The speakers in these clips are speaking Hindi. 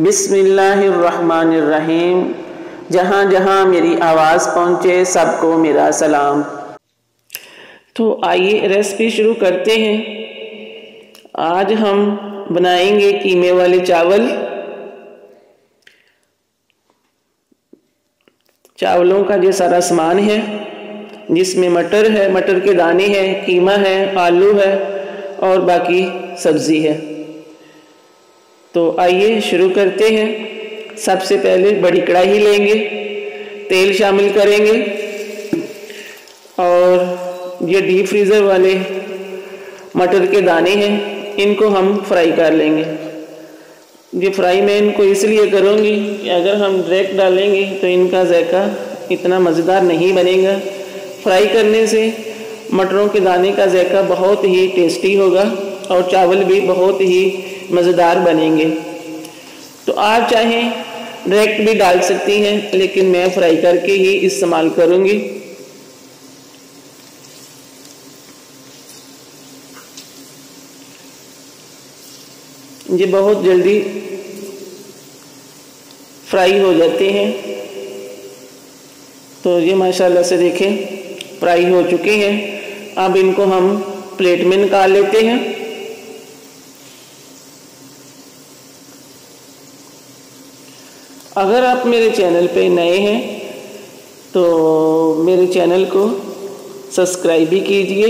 बिस्मिल्लाहिर्रहमानिर्रहीम जहाँ जहाँ मेरी आवाज़ पहुँचे सबको मेरा सलाम तो आइए रेसिपी शुरू करते हैं आज हम बनाएंगे कीमे वाले चावल चावलों का जो सारा सामान है जिसमें मटर है मटर के दाने हैं कीमा है आलू है और बाकी सब्ज़ी है तो आइए शुरू करते हैं सबसे पहले बड़ी कढ़ाई लेंगे तेल शामिल करेंगे और ये डीप फ्रीज़र वाले मटर के दाने हैं इनको हम फ्राई कर लेंगे ये फ्राई मैं इनको इसलिए करूँगी कि अगर हम डायरेक्ट डालेंगे तो इनका जायका इतना मज़ेदार नहीं बनेगा फ्राई करने से मटरों के दाने का जायका बहुत ही टेस्टी होगा और चावल भी बहुत ही मज़ेदार बनेंगे तो आप चाहें डायरेक्ट भी डाल सकती हैं लेकिन मैं फ्राई करके ही इस्तेमाल करूँगी ये बहुत जल्दी फ्राई हो जाते हैं तो ये माशाल्लाह से देखें फ्राई हो चुके हैं अब इनको हम प्लेट में निकाल लेते हैं अगर आप मेरे चैनल पे नए हैं तो मेरे चैनल को सब्सक्राइब भी कीजिए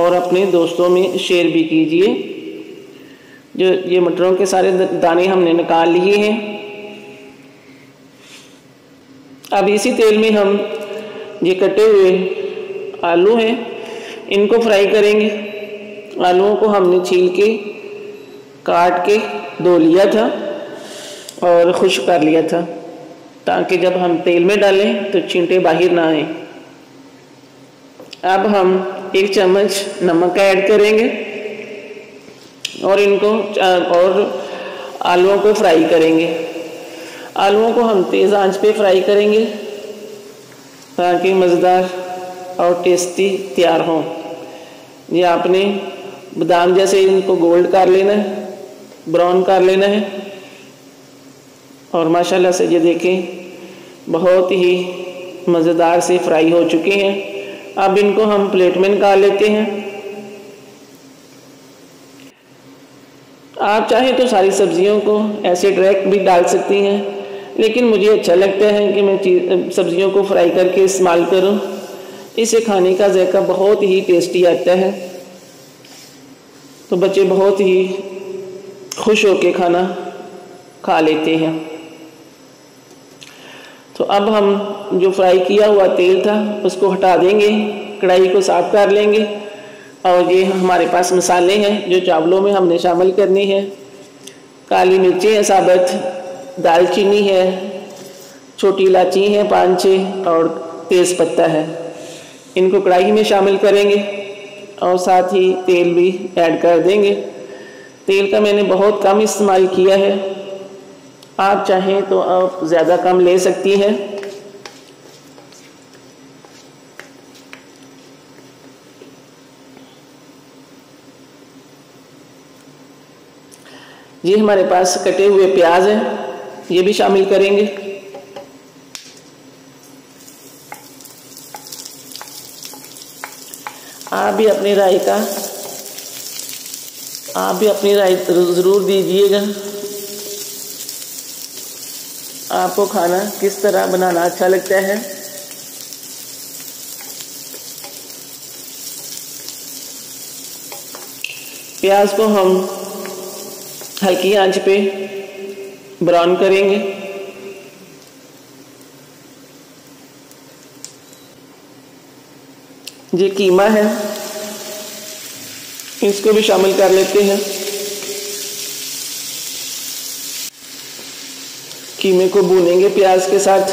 और अपने दोस्तों में शेयर भी कीजिए जो ये मटरों के सारे दाने हमने निकाल लिए हैं अब इसी तेल में हम ये कटे हुए आलू हैं इनको फ्राई करेंगे आलूओं को हमने छील के काट के धो लिया था और खुश्क कर लिया था ताकि जब हम तेल में डालें तो चींटे बाहर ना आए अब हम एक चम्मच नमक ऐड करेंगे और इनको और आलुओं को फ्राई करेंगे आलुओं को हम तेज़ आंच पे फ्राई करेंगे ताकि मज़ेदार और टेस्टी तैयार हों ये आपने बादाम जैसे इनको गोल्ड कर लेना है ब्राउन कर लेना है और माशाल्लाह से ये देखें बहुत ही मज़ेदार से फ्राई हो चुके हैं अब इनको हम प्लेट में निकाल लेते हैं आप चाहें तो सारी सब्ज़ियों को ऐसे डायरेक्ट भी डाल सकती हैं लेकिन मुझे अच्छा लगता है कि मैं सब्ज़ियों को फ्राई करके इस्तेमाल करूं। इसे खाने का जायका बहुत ही टेस्टी आता है तो बच्चे बहुत ही खुश होकर खाना खा लेते हैं तो अब हम जो फ्राई किया हुआ तेल था उसको हटा देंगे कढ़ाई को साफ़ कर लेंगे और ये हमारे पास मसाले हैं जो चावलों में हमने शामिल करनी है काली मिर्चें हैं साबत दालचीनी है छोटी इलाची है पाँच छः और तेज़ पत्ता है इनको कढ़ाई में शामिल करेंगे और साथ ही तेल भी ऐड कर देंगे तेल का मैंने बहुत कम इस्तेमाल किया है आप चाहें तो आप ज़्यादा कम ले सकती हैं ये हमारे पास कटे हुए प्याज हैं ये भी शामिल करेंगे आप भी अपनी राय का आप भी अपनी राय ज़रूर दीजिएगा आपको खाना किस तरह बनाना अच्छा लगता है प्याज को हम हल्की आंच पे ब्राउन करेंगे जी कीमा है इसको भी शामिल कर लेते हैं कीमे को भूनेंगे प्याज के साथ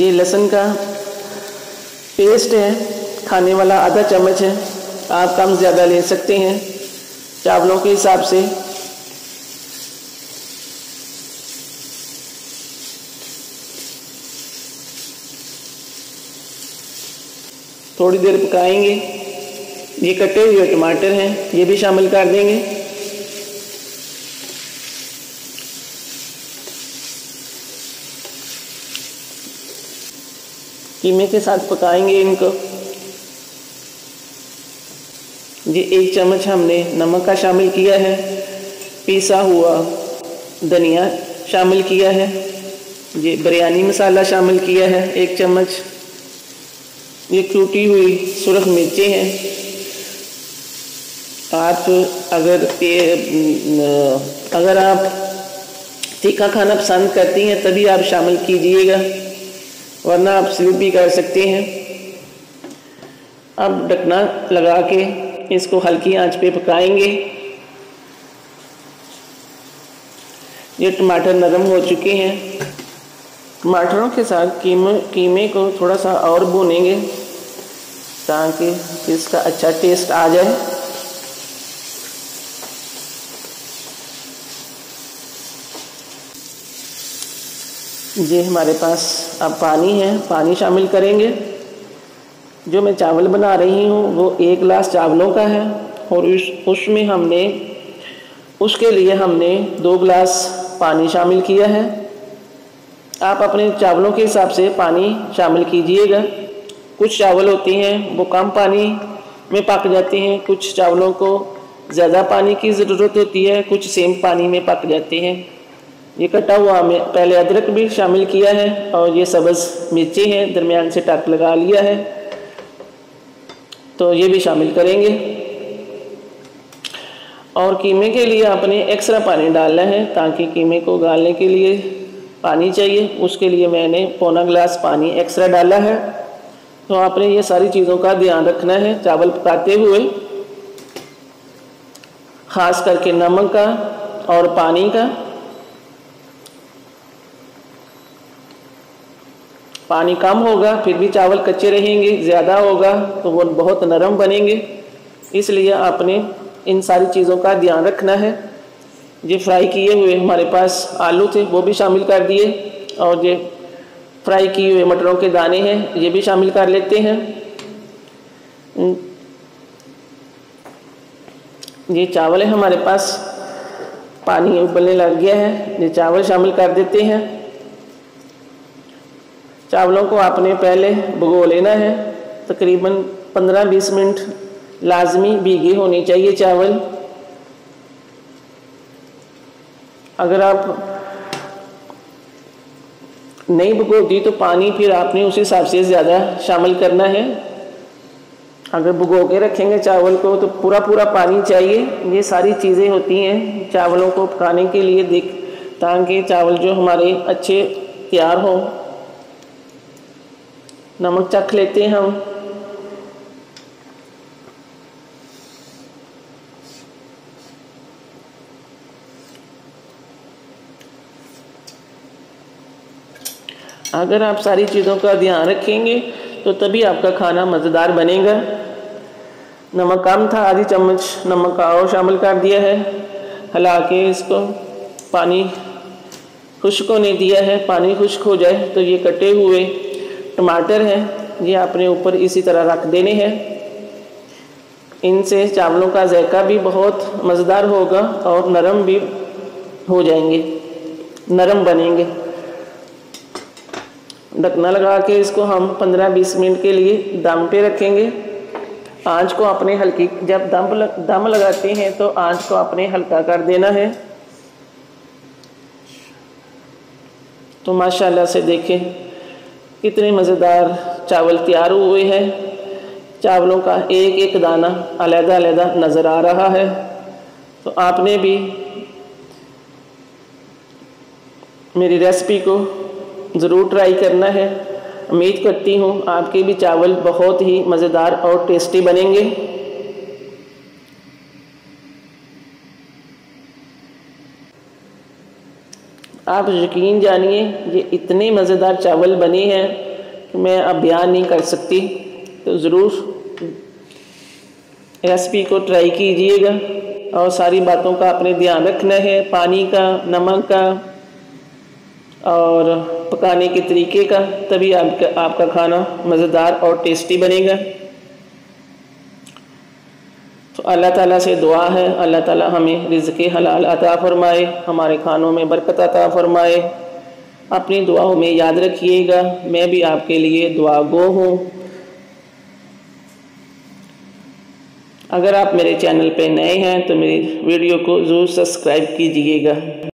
ये लहसुन का पेस्ट है खाने वाला आधा चम्मच है आप कम ज़्यादा ले सकते हैं चावलों के हिसाब से थोड़ी देर पकाएंगे ये कटे हुए टमाटर हैं ये भी शामिल कर देंगे कीमे के साथ पकाएंगे इनको जी एक चम्मच हमने नमक का शामिल किया है पीसा हुआ धनिया शामिल किया है ये बिरयानी मसाला शामिल किया है एक चम्मच ये टूटी हुई सुरख मिर्ची हैं आप अगर अगर आप तीखा खाना पसंद करती हैं तभी आप शामिल कीजिएगा वरना आप स्लिप भी कर सकते हैं अब ढकना लगा के इसको हल्की आंच पे पकाएंगे ये टमाटर नरम हो चुके हैं टमाटरों के साथ कीमे कीमे को थोड़ा सा और भूनेंगे ताकि इसका अच्छा टेस्ट आ जाए ये हमारे पास अब पानी है पानी शामिल करेंगे जो मैं चावल बना रही हूँ वो एक गिलास चावलों का है और उस उसमें हमने उसके लिए हमने दो गिलास पानी शामिल किया है आप अपने चावलों के हिसाब से पानी शामिल कीजिएगा कुछ चावल होती हैं वो कम पानी में पक जाते हैं कुछ चावलों को ज़्यादा पानी की ज़रूरत होती है कुछ सेम पानी में पक जाते हैं ये कटा हुआ हमें पहले अदरक भी शामिल किया है और ये सब्ज़ मिर्ची है दरमियान से टक लगा लिया है तो ये भी शामिल करेंगे और कीमे के लिए आपने एक्स्ट्रा पानी डालना है ताकि कीमे को गालने के लिए पानी चाहिए उसके लिए मैंने पौना गिलास पानी एक्स्ट्रा डाला है तो आपने ये सारी चीज़ों का ध्यान रखना है चावल पकाते हुए ख़ास करके नमक का और पानी का पानी कम होगा फिर भी चावल कच्चे रहेंगे ज़्यादा होगा तो वो बहुत नरम बनेंगे इसलिए आपने इन सारी चीज़ों का ध्यान रखना है ये फ्राई किए हुए हमारे पास आलू थे वो भी शामिल कर दिए और ये फ्राई किए हुए मटरों के दाने हैं ये भी शामिल कर लेते हैं ये चावल है हमारे पास पानी उबलने लग गया है ये चावल शामिल कर देते हैं चावलों को आपने पहले भगो लेना है तकरीबन 15-20 मिनट लाजमी भीगे होने चाहिए चावल अगर आप नहीं भगोती तो पानी फिर आपने उस हिसाब से ज़्यादा शामिल करना है अगर भुगो के रखेंगे चावल को तो पूरा पूरा पानी चाहिए ये सारी चीज़ें होती हैं चावलों को पकाने के लिए देख ताकि चावल जो हमारे अच्छे तैयार हों नमक चख लेते हैं हम अगर आप सारी चीज़ों का ध्यान रखेंगे तो तभी आपका खाना मज़ेदार बनेगा नमक कम था आधी चम्मच नमक का और शामिल कर दिया है हालांकि के इसको पानी खुश्क होने दिया है पानी खुश्क हो जाए तो ये कटे हुए टमाटर हैं ये आपने ऊपर इसी तरह रख देने हैं इनसे चावलों का जायका भी बहुत मज़ेदार होगा और नरम भी हो जाएंगे नरम बनेंगे ढकना लगा के इसको हम 15-20 मिनट के लिए दम पे रखेंगे आंच को अपने हल्की जब दम दम लगाते हैं तो आंच को अपने हल्का कर देना है तो माशाल्लाह से देखें कितने मज़ेदार चावल तैयार हुए हैं चावलों का एक एक दाना अलहदा अलहदा नज़र आ रहा है तो आपने भी मेरी रेसिपी को ज़रूर ट्राई करना है उम्मीद करती हूँ आपके भी चावल बहुत ही मज़ेदार और टेस्टी बनेंगे आप यकीन जानिए ये इतने मज़ेदार चावल बने हैं कि मैं अब बयान नहीं कर सकती तो ज़रूर रेसिपी को ट्राई कीजिएगा और सारी बातों का अपने ध्यान रखना है पानी का नमक का और पकाने के तरीके का तभी आपका आपका खाना मज़ेदार और टेस्टी बनेगा तो अल्लाह ताला से दुआ है अल्लाह ताला हमें रिज़ के हलाल अता फ़रमाए हमारे खानों में बरकत अता फ़रमाए अपनी दुआओं में याद रखिएगा मैं भी आपके लिए दुआ गो हूँ अगर आप मेरे चैनल पे नए हैं तो मेरी वीडियो को ज़रूर सब्सक्राइब कीजिएगा